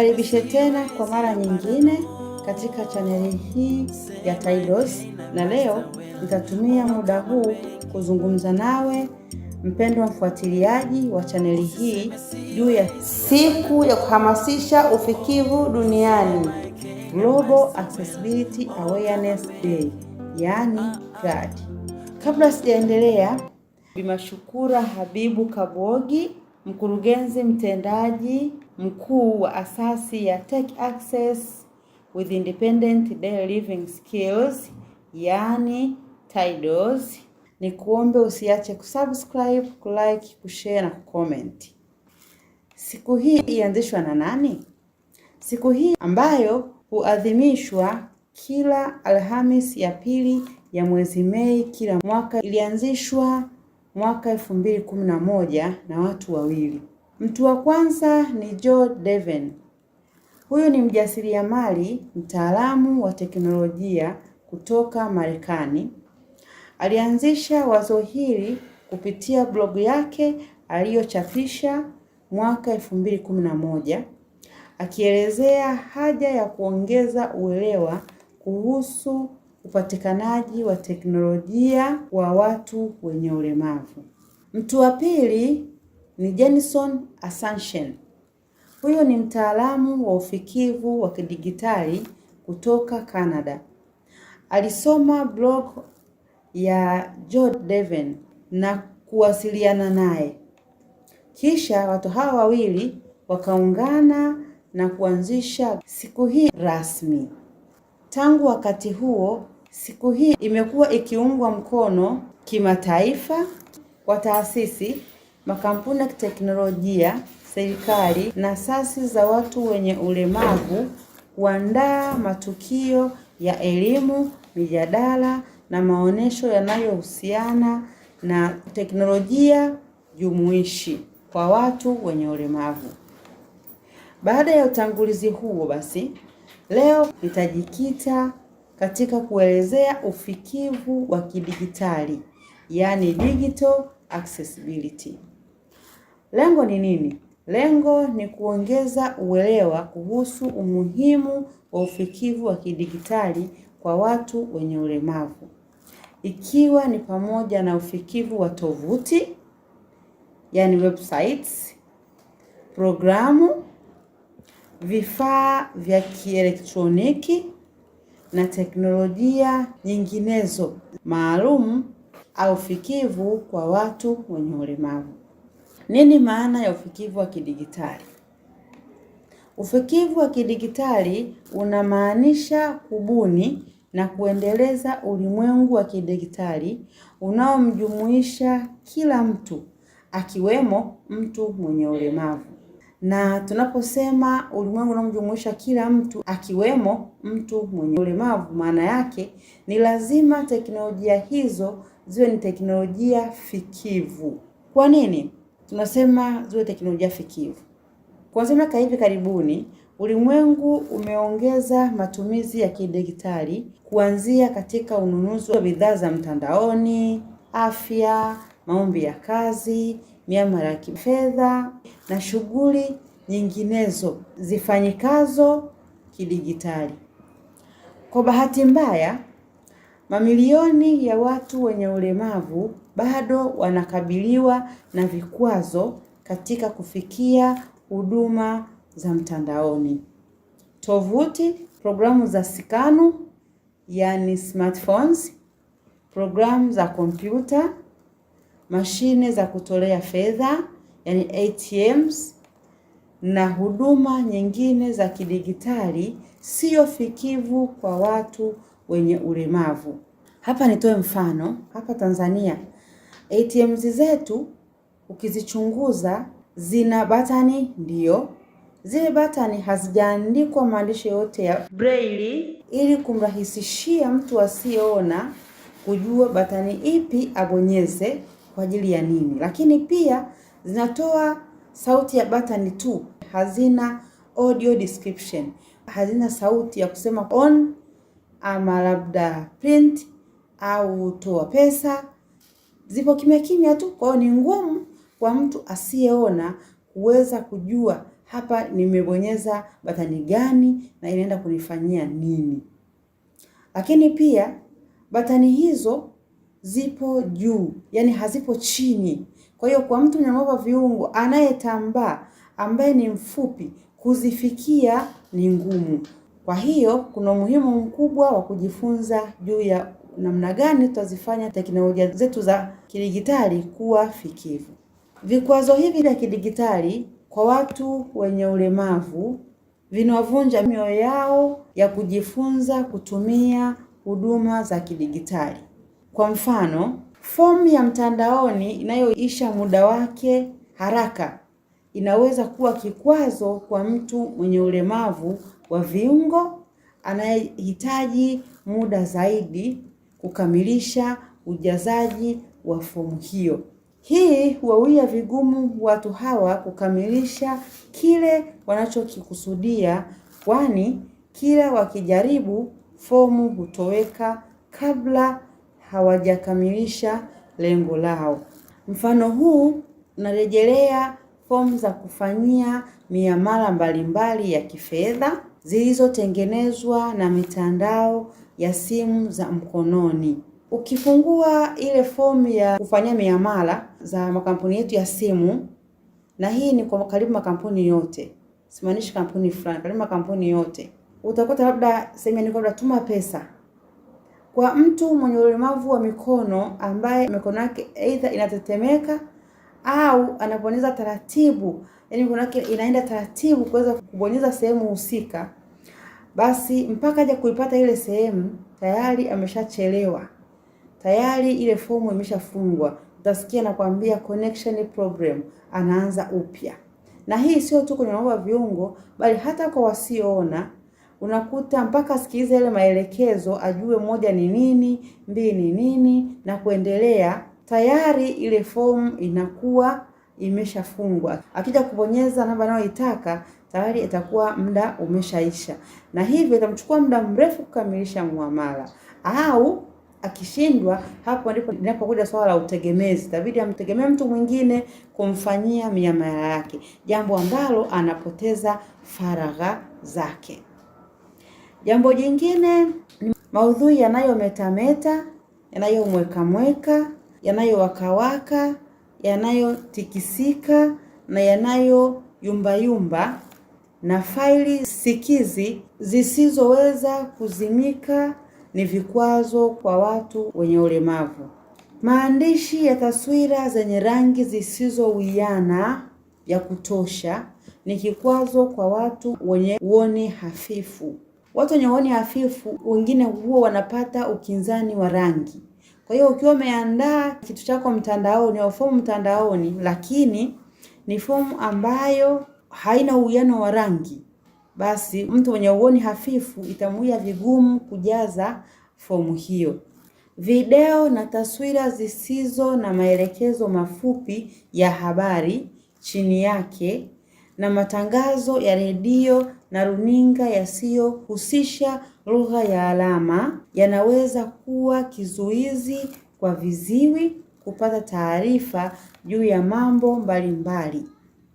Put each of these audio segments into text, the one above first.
Nikukaribishe tena kwa mara nyingine katika chaneli hii ya Taidos, na leo nitatumia muda huu kuzungumza nawe mpendwa mfuatiliaji wa chaneli hii juu ya siku ya kuhamasisha ufikivu duniani, Global Accessibility Awareness Day, yani GAD. Kabla sijaendelea, bimashukura Habibu Kabwogi, mkurugenzi mtendaji mkuu wa asasi ya Tech Access with Independent Daily Living Skills, yani TIDOS. Ni kuombe usiache kusubscribe, kulike, kushare na kucomment. Siku hii ianzishwa na nani? Siku hii ambayo huadhimishwa kila Alhamis ya pili ya mwezi Mei kila mwaka ilianzishwa mwaka elfu mbili kumi na moja na watu wawili Mtu wa kwanza ni Joe Deven. Huyu ni mjasiriamali, mtaalamu wa teknolojia kutoka Marekani. Alianzisha wazo hili kupitia blogu yake aliyochapisha mwaka 2011 akielezea haja ya kuongeza uelewa kuhusu upatikanaji wa teknolojia kwa watu wenye ulemavu. Mtu wa pili ni Jenison Ascension. Huyo ni mtaalamu wa ufikivu wa kidigitali kutoka Canada. Alisoma blog ya Joe Devon na kuwasiliana naye, kisha watu hawa wawili wakaungana na kuanzisha siku hii rasmi. Tangu wakati huo, siku hii imekuwa ikiungwa mkono kimataifa kwa taasisi makampuni ya kiteknolojia, serikali na asasi za watu wenye ulemavu kuandaa matukio ya elimu, mijadala na maonesho yanayohusiana na teknolojia jumuishi kwa watu wenye ulemavu. Baada ya utangulizi huo, basi leo nitajikita katika kuelezea ufikivu wa kidijitali, yaani digital accessibility. Lengo ni nini? Lengo ni kuongeza uelewa kuhusu umuhimu wa ufikivu wa kidigitali kwa watu wenye ulemavu, ikiwa ni pamoja na ufikivu wa tovuti, yani websites, programu, vifaa vya kielektroniki na teknolojia nyinginezo maalum au fikivu kwa watu wenye ulemavu. Nini maana ya ufikivu wa kidigitali? Ufikivu wa kidigitali unamaanisha kubuni na kuendeleza ulimwengu wa kidigitali unaomjumuisha kila mtu akiwemo mtu mwenye ulemavu. Na tunaposema ulimwengu unaomjumuisha kila mtu akiwemo mtu mwenye ulemavu, maana yake ni lazima teknolojia hizo ziwe ni teknolojia fikivu. Kwa nini? tunasema ziwe teknolojia fikivu. Kuanzia miaka hivi karibuni, ulimwengu umeongeza matumizi ya kidigitali kuanzia katika ununuzi wa bidhaa za mtandaoni, afya, maombi ya kazi, miamala ya kifedha na shughuli nyinginezo zifanyikazo kidigitali Kwa bahati mbaya Mamilioni ya watu wenye ulemavu bado wanakabiliwa na vikwazo katika kufikia huduma za mtandaoni. Tovuti, programu za sikanu, yani smartphones, programu za kompyuta, mashine za kutolea fedha, yani ATMs na huduma nyingine za kidigitali sio fikivu kwa watu wenye ulemavu. Hapa nitoe mfano, hapa Tanzania ATM zetu ukizichunguza zina batani ndio, zile batani hazijaandikwa maandishi yote ya braille ili kumrahisishia mtu asiyeona kujua batani ipi abonyeze kwa ajili ya nini, lakini pia zinatoa sauti ya bata ni tu, hazina audio description, hazina sauti ya kusema on ama labda print au toa pesa, zipo kimya kimya tu. Kwa hiyo ni ngumu kwa mtu asiyeona kuweza kujua hapa nimebonyeza batani gani na inaenda kunifanyia nini. Lakini pia batani hizo zipo juu, yani hazipo chini kwa hiyo kwa mtu mnyamavu wa viungo anayetambaa, ambaye ni mfupi, kuzifikia ni ngumu. Kwa hiyo kuna umuhimu mkubwa wa kujifunza juu ya namna gani tutazifanya teknolojia zetu za kidigitali kuwa fikivu. Vikwazo hivi vya kidigitali kwa watu wenye ulemavu vinawavunja mioyo yao ya kujifunza kutumia huduma za kidigitali. Kwa mfano, Fomu ya mtandaoni inayoisha muda wake haraka inaweza kuwa kikwazo kwa mtu mwenye ulemavu wa viungo anayehitaji muda zaidi kukamilisha ujazaji wa fomu hiyo. Hii huwawia vigumu watu hawa kukamilisha kile wanachokikusudia, kwani kila wakijaribu fomu hutoweka kabla hawajakamilisha lengo lao. Mfano huu unarejelea fomu za kufanyia miamala mbalimbali ya kifedha zilizotengenezwa na mitandao ya simu za mkononi. Ukifungua ile fomu ya kufanyia miamala za makampuni yetu ya simu, na hii ni kwa karibu makampuni yote, simaanishi kampuni fulani, karibu makampuni yote, utakuta labda sehemu labda tuma pesa kwa mtu mwenye ulemavu wa mikono ambaye mikono yake aidha inatetemeka au anabonyeza taratibu, yani mikono yake inaenda taratibu kuweza kubonyeza sehemu husika, basi mpaka aje kuipata ile sehemu tayari ameshachelewa, tayari ile fomu imeshafungwa. Utasikia nakwambia connection problem, anaanza upya. Na hii sio tu kwenye mambo wa viungo, bali hata kwa wasioona unakuta mpaka asikilize yale maelekezo, ajue moja ni nini, mbili ni nini na kuendelea, tayari ile fomu inakuwa imeshafungwa. Akija kubonyeza namba anayoitaka tayari itakuwa muda umeshaisha, na hivyo itamchukua muda mrefu kukamilisha muamala au akishindwa hapo ndipo linapokuja swala la utegemezi. Itabidi amtegemee mtu mwingine kumfanyia miamala yake, jambo ambalo anapoteza faragha zake. Jambo jingine ni maudhui yanayometameta, yanayomwekamweka, yanayowakawaka, yanayotikisika na yanayoyumbayumba na faili sikizi zisizoweza kuzimika ni vikwazo kwa watu wenye ulemavu. Maandishi ya taswira zenye rangi zisizowiana ya kutosha ni kikwazo kwa watu wenye uoni hafifu. Watu wenye uoni hafifu wengine huwa wanapata ukinzani wa rangi. Kwa hiyo ukiwa umeandaa kitu chako mtandaoni au fomu mtandaoni, lakini ni fomu ambayo haina uwiano wa rangi, basi mtu mwenye uoni hafifu itamuia vigumu kujaza fomu hiyo. Video na taswira zisizo na maelekezo mafupi ya habari chini yake na matangazo ya redio na runinga yasiyohusisha lugha ya alama yanaweza kuwa kizuizi kwa viziwi kupata taarifa juu ya mambo mbalimbali.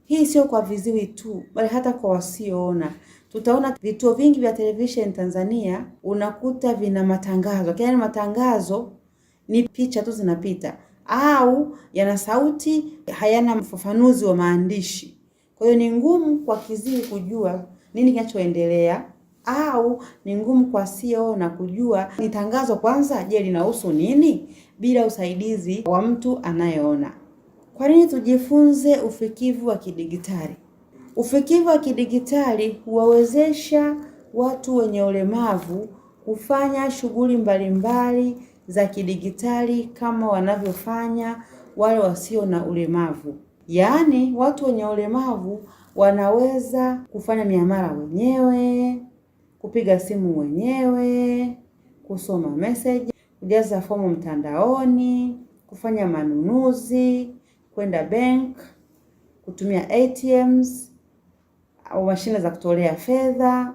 Hii sio kwa viziwi tu, bali hata kwa wasioona. Tutaona vituo vingi vya televisheni Tanzania unakuta vina matangazo, yaani matangazo ni picha tu zinapita, au yana sauti, hayana mfafanuzi wa maandishi. Kwa hiyo ni ngumu kwa kiziwi kujua nini kinachoendelea au ni ngumu kwa CEO na kujua ni tangazo kwanza, je, linahusu nini, bila usaidizi wa mtu anayeona. Kwa nini tujifunze ufikivu wa kidigitali? Ufikivu wa kidigitali huwawezesha watu wenye ulemavu kufanya shughuli mbalimbali za kidigitali kama wanavyofanya wale wasio na ulemavu, yaani watu wenye ulemavu wanaweza kufanya miamala wenyewe, kupiga simu wenyewe, kusoma message, kujaza fomu mtandaoni, kufanya manunuzi, kwenda bank, kutumia ATMs au mashine za kutolea fedha.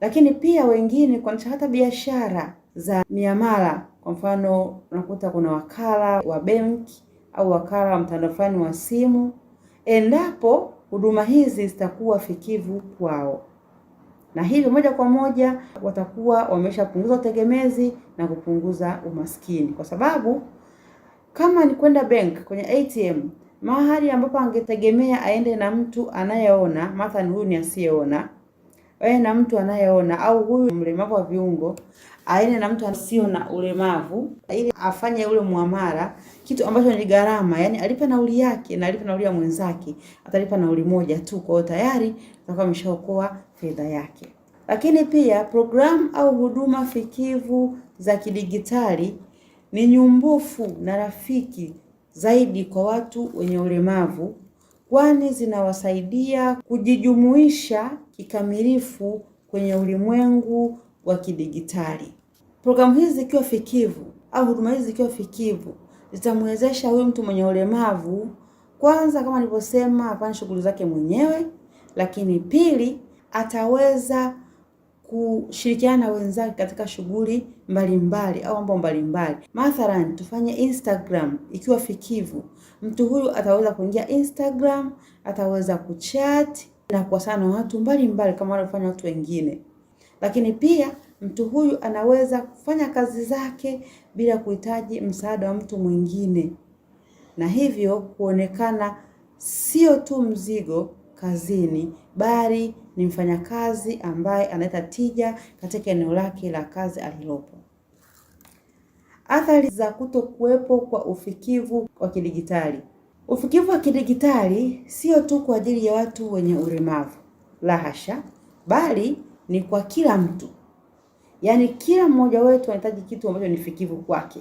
Lakini pia wengine kuanzisha hata biashara za miamala. Kwa mfano, unakuta kuna wakala wa benki au wakala wa mtandao fulani wa simu, endapo huduma hizi zitakuwa fikivu kwao, na hivyo moja kwa moja watakuwa wameshapunguza utegemezi na kupunguza umaskini, kwa sababu kama ni kwenda bank kwenye ATM mahali ambapo angetegemea aende na mtu anayeona, mathalan huyu ni asiyeona awe na mtu anayeona au huyu mlemavu wa viungo aende na mtu asio na ulemavu ili afanye ule muamala, kitu ambacho ni gharama, yani alipe nauli yake na alipe nauli ya mwenzake, atalipa nauli moja tu. Kwa hiyo tayari atakuwa ameshaokoa fedha yake. Lakini pia programu au huduma fikivu za kidigitali ni nyumbufu na rafiki zaidi kwa watu wenye ulemavu kwani zinawasaidia kujijumuisha kikamilifu kwenye ulimwengu wa kidigitali. Programu hizi zikiwa fikivu au huduma hizi zikiwa fikivu zitamwezesha huyu mtu mwenye ulemavu kwanza, kama nilivyosema, afanye shughuli zake mwenyewe, lakini pili, ataweza kushirikiana na wenzake katika shughuli mbalimbali au mambo mbalimbali. Mathalan, tufanye Instagram ikiwa fikivu, mtu huyu ataweza kuingia Instagram, ataweza kuchat na kuwasiliana na watu mbalimbali kama wanavyofanya watu wengine, lakini pia mtu huyu anaweza kufanya kazi zake bila kuhitaji msaada wa mtu mwingine, na hivyo kuonekana sio tu mzigo kazini bali ni mfanyakazi ambaye analeta tija katika eneo lake la kazi alilopo. Athari za kutokuwepo kwa ufikivu wa kidijitali. Ufikivu wa kidijitali sio tu kwa ajili ya watu wenye ulemavu, la hasha, bali ni kwa kila mtu. Yaani kila mmoja wetu anahitaji kitu ambacho ni fikivu kwake.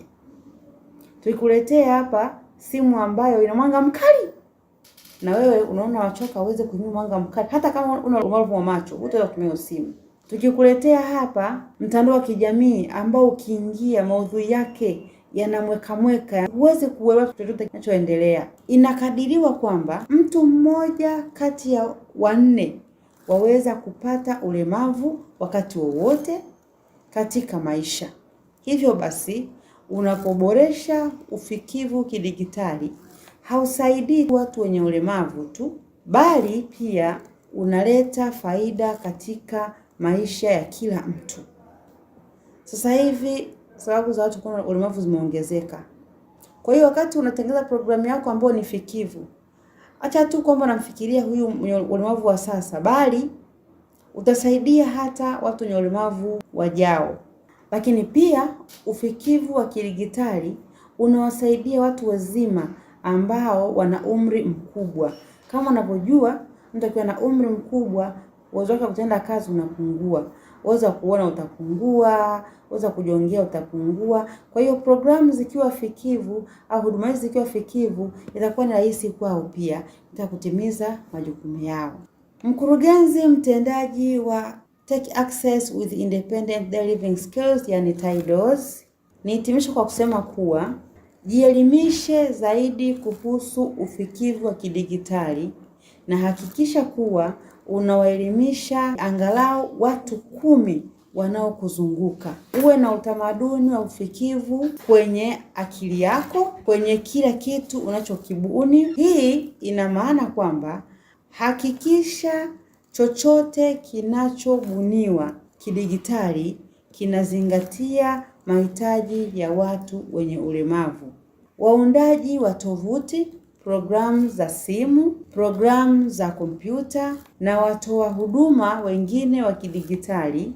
Tulikuletea hapa simu ambayo ina mwanga mkali na wewe unaona wachoka uweze kunywa mwanga mkali, hata kama una ulemavu wa macho utaweza kutumia simu. Tukikuletea hapa mtandao wa kijamii ambao ukiingia maudhui yake yanamweka mweka, huwezi kuelewa chochote kinachoendelea. Inakadiriwa kwamba mtu mmoja kati ya wanne waweza kupata ulemavu wakati wowote katika maisha. Hivyo basi, unapoboresha ufikivu kidigitali hausaidii watu wenye ulemavu tu, bali pia unaleta faida katika maisha ya kila mtu. Sasa hivi sababu za watu kuwa ulemavu zimeongezeka. Kwa hiyo wakati unatengeneza programu yako ambayo ni fikivu, acha tu kwamba namfikiria huyu mwenye ulemavu wa sasa, bali utasaidia hata watu wenye ulemavu wajao. Lakini pia ufikivu wa kidigitali unawasaidia watu wazima ambao wana umri mkubwa. Kama unavyojua mtu akiwa na umri mkubwa, uwezo wake wa kutenda kazi unapungua, uwezo wa kuona utapungua, uwezo wa kujiongea utapungua. Kwa hiyo programu zikiwa fikivu au huduma hizi zikiwa fikivu, itakuwa ni rahisi kwao pia itakutimiza majukumu yao. Mkurugenzi mtendaji wa Take Access with Independent Living Skills, yani TIDOS, nihitimishe kwa kusema kuwa Jielimishe zaidi kuhusu ufikivu wa kidigitali na hakikisha kuwa unawaelimisha angalau watu kumi wanaokuzunguka. Uwe na utamaduni wa ufikivu kwenye akili yako, kwenye kila kitu unachokibuni. Hii ina maana kwamba hakikisha chochote kinachobuniwa kidigitali kinazingatia mahitaji ya watu wenye ulemavu. Waundaji wa tovuti, programu za simu, programu za kompyuta na watoa huduma wengine wa kidigitali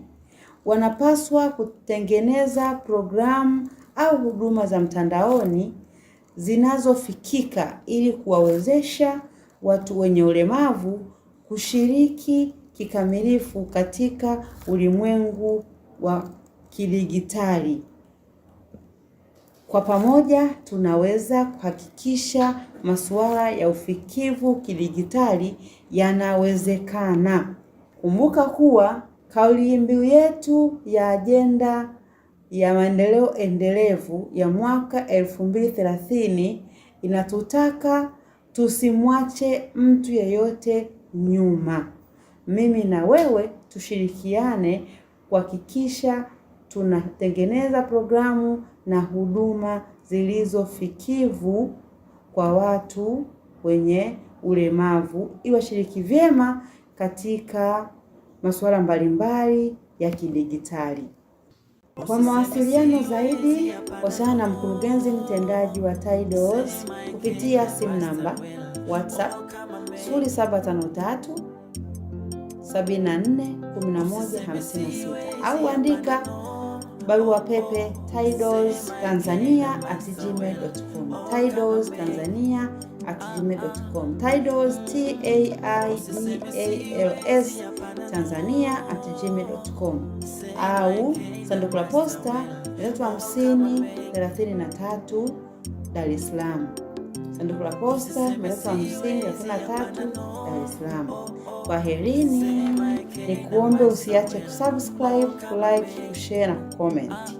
wanapaswa kutengeneza programu au huduma za mtandaoni zinazofikika ili kuwawezesha watu wenye ulemavu kushiriki kikamilifu katika ulimwengu wa kidigitali. Kwa pamoja tunaweza kuhakikisha masuala ya ufikivu kidigitali yanawezekana. Kumbuka kuwa kauli mbiu yetu ya ajenda ya maendeleo endelevu ya mwaka 2030 inatutaka tusimwache mtu yeyote nyuma. Mimi na wewe tushirikiane kuhakikisha tunatengeneza programu na huduma zilizofikivu kwa watu wenye ulemavu ili washiriki vyema katika masuala mbalimbali ya kidigitali. Kwa mawasiliano zaidi, wasiliana na mkurugenzi mtendaji wa TIDALS kupitia simu namba WhatsApp 0753 74 au andika barua pepe tidals tanzania at gmail.com tidals tanzania at gmail.com tidals t a i d a l s tanzania at gmail.com au sanduku la posta 350 33 Dar es Salaam sanduku la posta 350 33 Dar es Salaam kwaherini. Nikuombe usiache kusubscribe, kulike, kushare na kucomment.